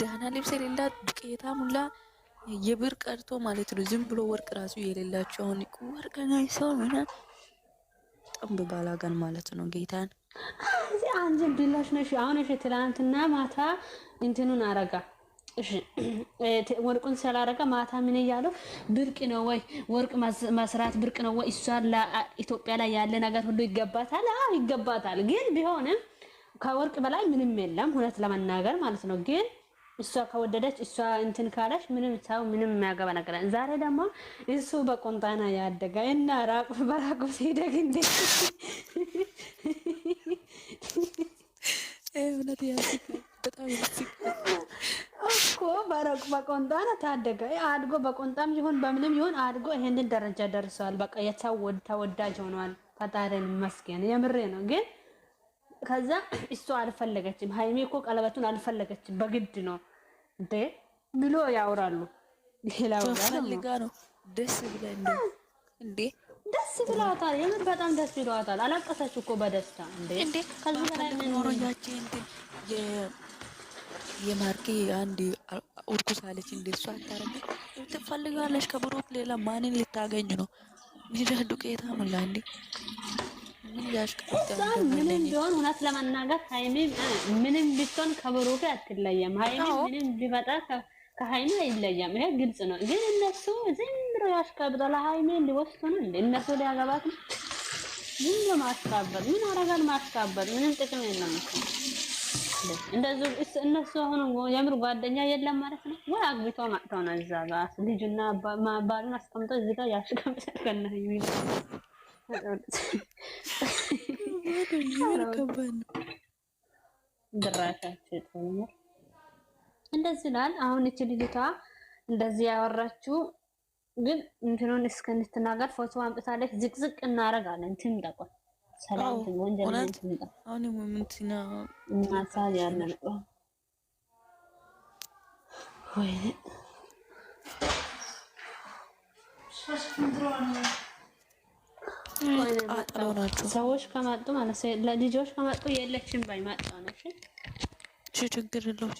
ዳና ልብስ የሌላት ዱቄታ ሙላ የብር ቀርቶ ማለት ነው። ዝም ብሎ ወርቅ ራሱ የሌላቸው አሁን ወርቅ ሰው ሆነ ጥንብ ባላጋን ማለት ነው። ጌታን አንዚ ብላሽ ነሽ አሁን እሺ። ትላንትና ማታ እንትኑን አረጋ ወርቁን ስላረጋ ማታ ምን እያለው ብርቅ ነው ወይ ወርቅ መስራት ብርቅ ነው ወይ? እሷ ኢትዮጵያ ላይ ያለ ነገር ሁሉ ይገባታል። አዎ ይገባታል፣ ግን ቢሆንም ከወርቅ በላይ ምንም የለም፣ እውነት ለመናገር ማለት ነው። ግን እሷ ከወደደች እሷ እንትን ካለች ምንም ሰው ምንም የሚያገባ ነገር ዛሬ ደግሞ እሱ በቆንጣና ያደገ እና ራቁ በራቁ ሲደግ እንዴ እኮ በረቁ በቆንጣና ታደገ አድጎ በቆንጣም ይሁን በምንም ይሁን አድጎ ይሄንን ደረጃ ደርሰዋል። በቃ የተወዳጅ ሆኗል። ፈጣሪን ይመስገን። የምሬ ነው ግን ከዛ እሷ አልፈለገችም። ሀይሚ እኮ ቀለበቱን አልፈለገችም፣ በግድ ነው እንዴ ብሎ ያወራሉ። ፈልጋ ነው ደስ ብለ እንዴ ደስ ብለዋታል። የምር በጣም ደስ ብለዋታል። አላቀሰች እኮ በደስታ እንዴ። ከዚ በላይ ኖሮያችን የማርኬ አንድ እርኩስ አለች እንዴ። እሷ አታረግ ትፈልጋለች። ከብሩክ ሌላ ማንን ልታገኝ ነው? ሚዳ ዱቄታ ሙላ እንዴ ምን ቢሆን እውነት ለመናገር ሀይሚ ምንም ቢሆን ከብሩኬ አትለየም። ሀይሚ ምንም ቢመጣ ከሀይሚ አይለየም። ይሄ ግልጽ ነው። ግን እነሱ ዝም ብለው ያሽቃብጠው ለሀይሚ ሊወስዱ ነው እንደ እነሱ ሊያገባት ነው። ዝም ብሎ ማሽቃበጥ ምን አረጋል? ማሽቃበጥ ምንም ጥቅም የለም። እንደዚህ እነሱ አሁን የምር ጓደኛ የለም ማለት ነው ወይ አግብቶ ማጥተው ነው እዛ ጋር ልጁና ባሉን አስቀምጦ እዚህ ጋር ከነ ሀይሚ እንደዚህ ላል አሁን እቺ ልጅቷ እንደዚህ ያወራችው ግን እንትኑን እስክንትናገር ፎቶ አምጥታለች። ዝቅዝቅ እናረጋለን። ነው ናቸው ሰዎች ከመጡ ማለት ልጆች ከመጡ የለችም ባይ ማጣ ነው። እሺ ችግር የለውም።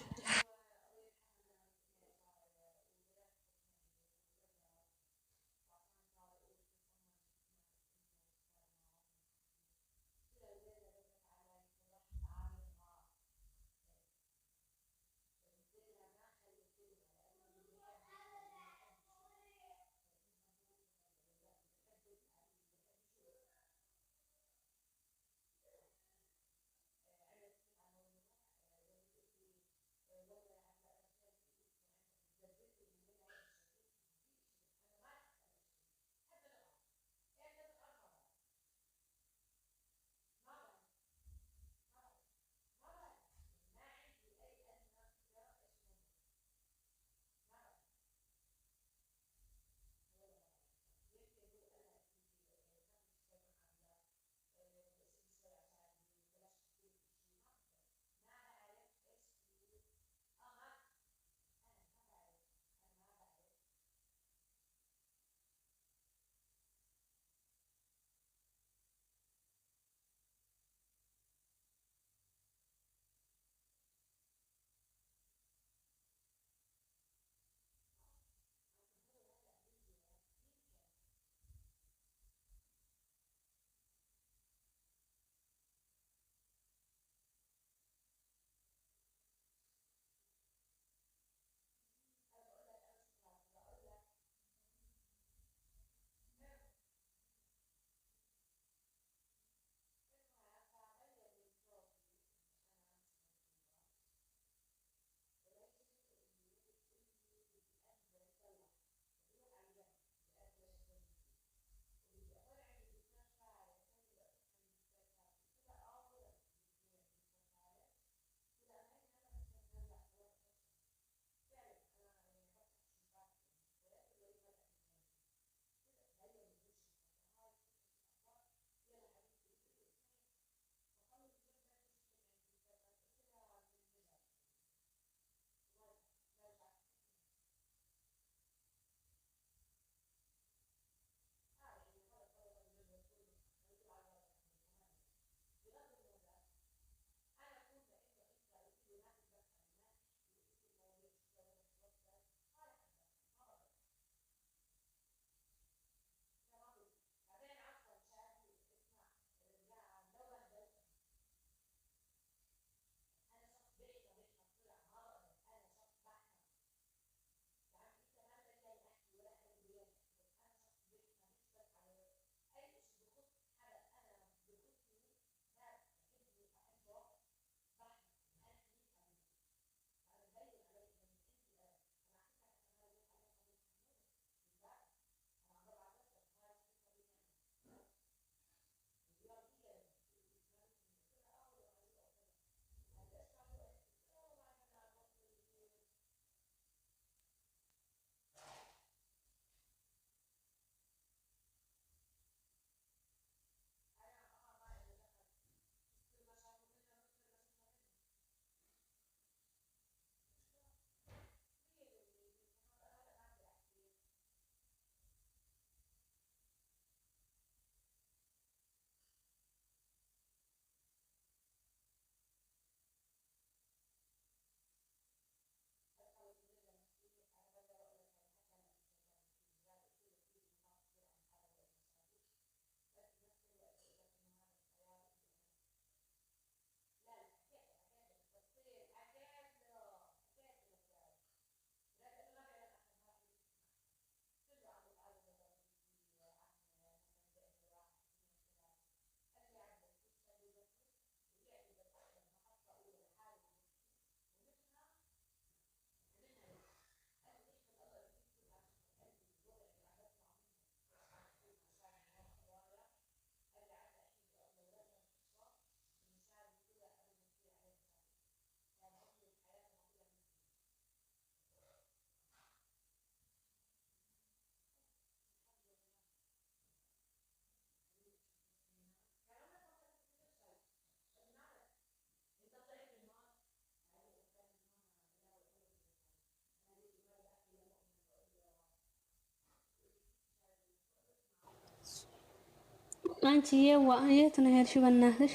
አንቺ የዋ የት ነው ሄድሽ? በእናትሽ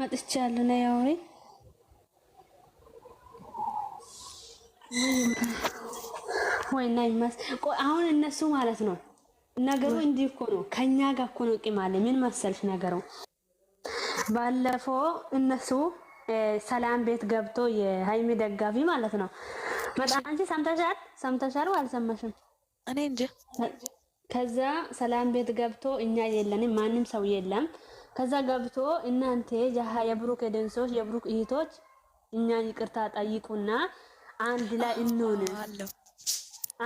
መጥቻለሁ ነው ያውሪ ወይ ናይ ማስ አሁን እነሱ ማለት ነው ነገሩ እንዲህ እኮ ነው። ከኛ ጋር እኮ ነው ቂም አለ። ምን መሰልሽ ነገሩ ባለፈው እነሱ ሰላም ቤት ገብቶ የሃይሚ ደጋፊ ማለት ነው መጣ። አንቺ ሰምተሻል ሰምተሻል አልሰማሽም? እኔ እንጂ ከዛ ሰላም ቤት ገብቶ እኛ የለንም፣ ማንም ሰው የለም። ከዛ ገብቶ እናንተ የብሩክ ደንሶች፣ የብሩክ እህቶች እኛ ይቅርታ ጠይቁና አንድ ላይ እንሁን፣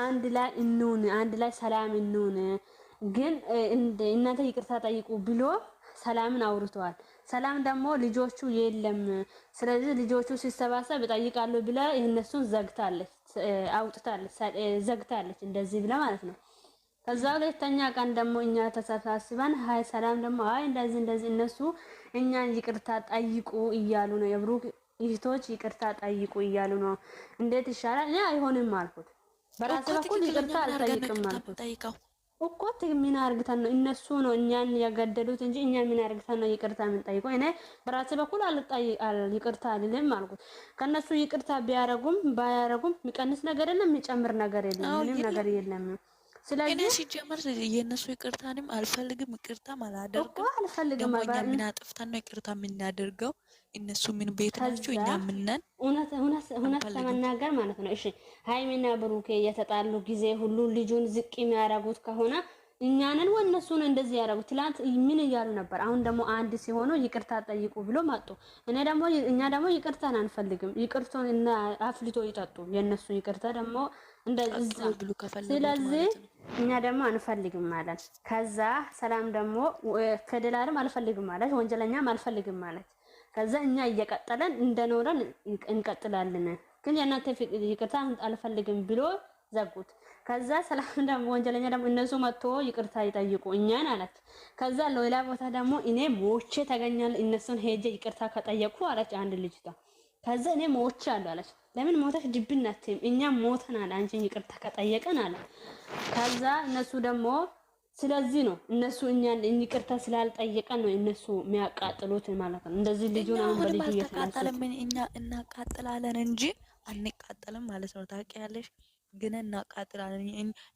አንድ ላይ እንሁን፣ አንድ ላይ ሰላም እንሁን፣ ግን እናንተ ይቅርታ ጠይቁ ብሎ ሰላምን አውርተዋል። ሰላም ደግሞ ልጆቹ የለም፣ ስለዚህ ልጆቹ ሲሰባሰብ እጠይቃለሁ ብላ እነሱን ዘግታለች፣ አውጥታለች፣ ዘግታለች። እንደዚህ ብላ ማለት ነው ከዛ ሁለተኛ ቀን ደግሞ እኛ ተሰባስበን ሀይ ሰላም ደግሞ አይ እንደዚህ እንደዚህ እነሱ እኛን ይቅርታ ጠይቁ እያሉ ነው፣ የብሩክ ይህቶች ይቅርታ ጠይቁ እያሉ ነው። እንዴት ይሻላል? እኔ አይሆንም አልኩት። በራሴ በኩል ይቅርታ አልጠይቅም አልኩት። እኮ ምን አርግተን ነው እነሱ ነው እኛን ያገደዱት እንጂ እኛ ምን አርግተን ነው ይቅርታ የምንጠይቀው? እኔ በራሴ በኩል ይቅርታ አልልም አልኩት። ከነሱ ይቅርታ ቢያረጉም ባያረጉም የሚቀንስ ነገር የለም፣ የሚጨምር ነገር የለም፣ ምንም ነገር የለም። ስለዚህ ሲጀመር የእነሱ ይቅርታንም አልፈልግም፣ ይቅርታም አላደርግም አልፈልግም። እኛ ምን አጥፍተን ነው ይቅርታ የምናደርገው? እነሱ ምን ቤት ናቸው? እኛ ምነን? እውነት ለመናገር ማለት ነው እሺ፣ ሀይሚና ብሩኬ የተጣሉ ጊዜ ሁሉ ልጁን ዝቅ የሚያደርጉት ከሆነ እኛንን ወነሱን እንደዚህ ያደረጉ ትላንት ምን እያሉ ነበር? አሁን ደግሞ አንድ ሲሆኑ ይቅርታ ጠይቁ ብሎ መጡ። እኔ ደግሞ እኛ ደግሞ ይቅርታን አንፈልግም። ይቅርቶን እና አፍልቶ ይጠጡ። የነሱ ይቅርታ ደግሞ እንደዚህ ስለዚህ እኛ ደግሞ አንፈልግም ማለት ከዛ ሰላም ደግሞ ከደላልም አልፈልግም ማለት ወንጀለኛም አልፈልግም ማለት ከዛ እኛ እየቀጠለን እንደኖረን እንቀጥላለን። ግን የእናንተ ይቅርታ አልፈልግም ብሎ ዘጉት። ከዛ ሰላም ደግሞ ወንጀለኛ ደግሞ እነሱ መጥቶ ይቅርታ ይጠይቁ እኛን አለች። ከዛ ሌላ ቦታ ደግሞ እኔ ሞቼ ተገኛል እነሱን ሄጄ ይቅርታ ከጠየቁ አለች አንድ ልጅቷ። ከዛ እኔ ሞቼ አሉ አለች። ለምን ሞተሽ ድብን ናትም እኛ ሞተናል አንቺን ይቅርታ ከጠየቀን አለ። ከዛ እነሱ ደግሞ ስለዚህ ነው እነሱ እኛን ይቅርታ ስላልጠየቀን ነው እነሱ የሚያቃጥሉት ማለት ነው። እንደዚህ ልጁን አሁን በልጁ እኛ እናቃጥላለን እንጂ አንቃጠልም ማለት ነው። ታውቂያለሽ ግን እናቃጥላለን።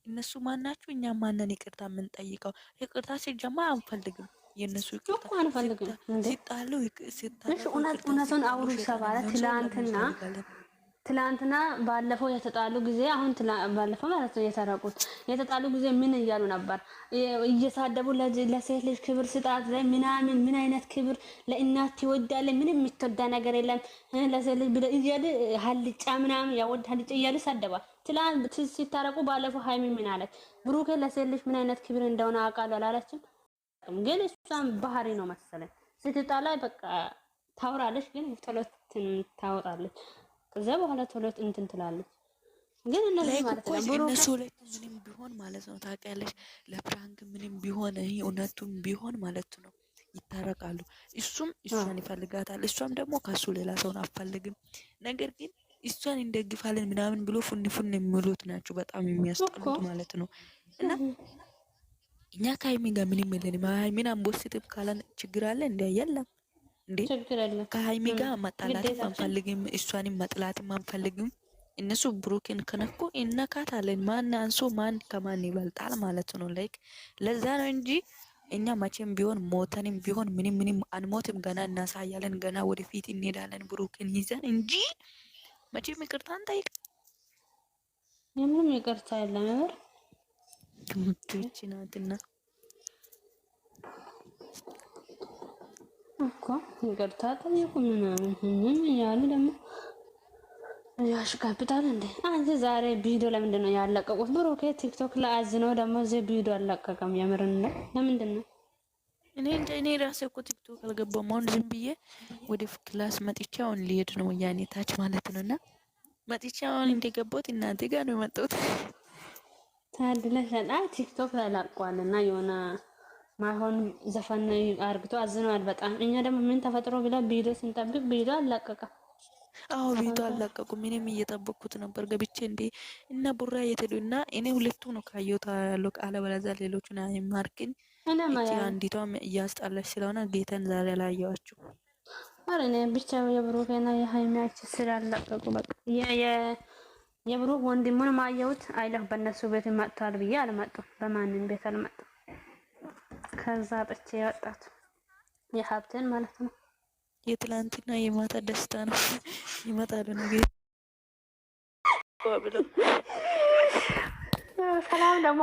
እነሱ ማናችሁ? እኛ ማንን ይቅርታ የምንጠይቀው? ይቅርታ ሲጀማ አንፈልግም። የእነሱ ይቅርታ አንፈልግም። ሲጣሉ እውነቱን አውሩ ተባለ ትላንትና ትላንትና ባለፈው የተጣሉ ጊዜ አሁን ባለፈው ማለት ነው የተረቁት የተጣሉ ጊዜ ምን እያሉ ነበር? እየሳደቡ ለሴት ልጅ ክብር ስጣት ላይ ምናምን ምን አይነት ክብር ለእናት ይወዳለ ምንም የሚትወዳ ነገር የለም ለሴት ልጅ ብለ እያለ ሀልጫ ምናምን ያወድ ሀልጫ እያለ ሳደባል። ትላንት ሲታረቁ ባለፈው ሀይሚ ምን አለች? ብሩኬ ለሴት ልጅ ምን አይነት ክብር እንደሆነ አውቃለሁ አላለችም። ግን እሷን ባህሪ ነው መሰለኝ ስትጣላ በቃ ታውራለች፣ ግን ቶሎ ታወጣለች። ከዛ በኋላ ቶሎ እንትን ትላለች። ግን እነዚህ ማለት ነው እነሱ ምንም ቢሆን ማለት ነው ታውቂያለሽ፣ ለፕራንክ ምንም ቢሆን እውነቱም ቢሆን ማለት ነው ይታረቃሉ። እሱም እሷን ይፈልጋታል፣ እሷም ደግሞ ከሱ ሌላ ሰውን አፈልግም። ነገር ግን እሷን እንደግፋለን ምናምን ብሎ ፉን ፉን የሚሉት ናቸው በጣም የሚያስጠሉት ማለት ነው። እና እኛ ከሀይሚ ጋር ምንም የለንም። ሀይሚን አንቦስትም ካለን ችግር አለ እንዲያ የለም እንዴ ከሀይሚ ጋር መጣላትም አንፈልግም፣ እሷንም መጥላትም አንፈልግም። እነሱ ብሩክን ከነኩ እነካታለን። ማን አንሶ ማን ከማን ይበልጣል ማለት ነው። ላይክ ለዛ ነው እንጂ እኛ መቼም ቢሆን ሞተንም ቢሆን ምንም ምንም አንሞትም። ገና እናሳያለን፣ ገና ወደፊት እንሄዳለን ብሩክን ይዘን እንጂ መቼም ይቅርታ እንጠይቅ። ምንም ይቅርታ የለም ትችናትና እኮ ይቅርታ ጠየቁ ምናምን እያሉ ደግሞ ያሽጋብጣል እንዴ! አንተ ዛሬ ቪዲዮ ለምንድን ነው ያለቀቁት? ብሩኬ ቲክቶክ ላይ አዝነው ደግሞ እዚህ ቪዲዮ አለቀቀም። የምርን ነው ለምንድን ነው? እኔ እኔ ራሴ እኮ ቲክቶክ አልገባም። አሁን ዝም ብዬ ወደ ክላስ መጥቼ አሁን ሊሄድ ነው ያኔ ታች ማለት ነው። እና መጥቼ አሁን እንደገባሁት እናንተ ጋር ነው የመጣሁት። ታድለሻል። አይ ቲክቶክ ላይ ላቋልና የሆነ ማሆን ዘፈን አርግቶ አዝነዋል በጣም። እኛ ደግሞ ምን ተፈጥሮ ብለ ቢሎ ስንጠብቅ ቢሎ አላቀቀ። አዎ ቢሎ አላቀቁ። ምንም እየጠበኩት ነበር ገብቼ እንዴ እና ቡራ እየተዱ እና እኔ ሁለቱ ነው ካየሁት ቃለ አለበለዚያ ሌሎቹን አይማርክን አንዲቷ እያስጣለች ስለሆነ ጌተን ዛሬ ላየዋቸው አረኔ ብቻ የብሩክና የሃይሚያች ስላላቀቁ በቃ የብሩክ ወንድሙን ማየሁት አይለህ በነሱ ቤት መጥቷል ብዬ አልመጡም። በማንም ቤት አልመጡም። ከዛ ጥቼ ያወጣት የሀብቴን ማለት ነው። የትላንትና የማታ ደስታ ነው። ይመጣሉ ነገር ሰላም ደግሞ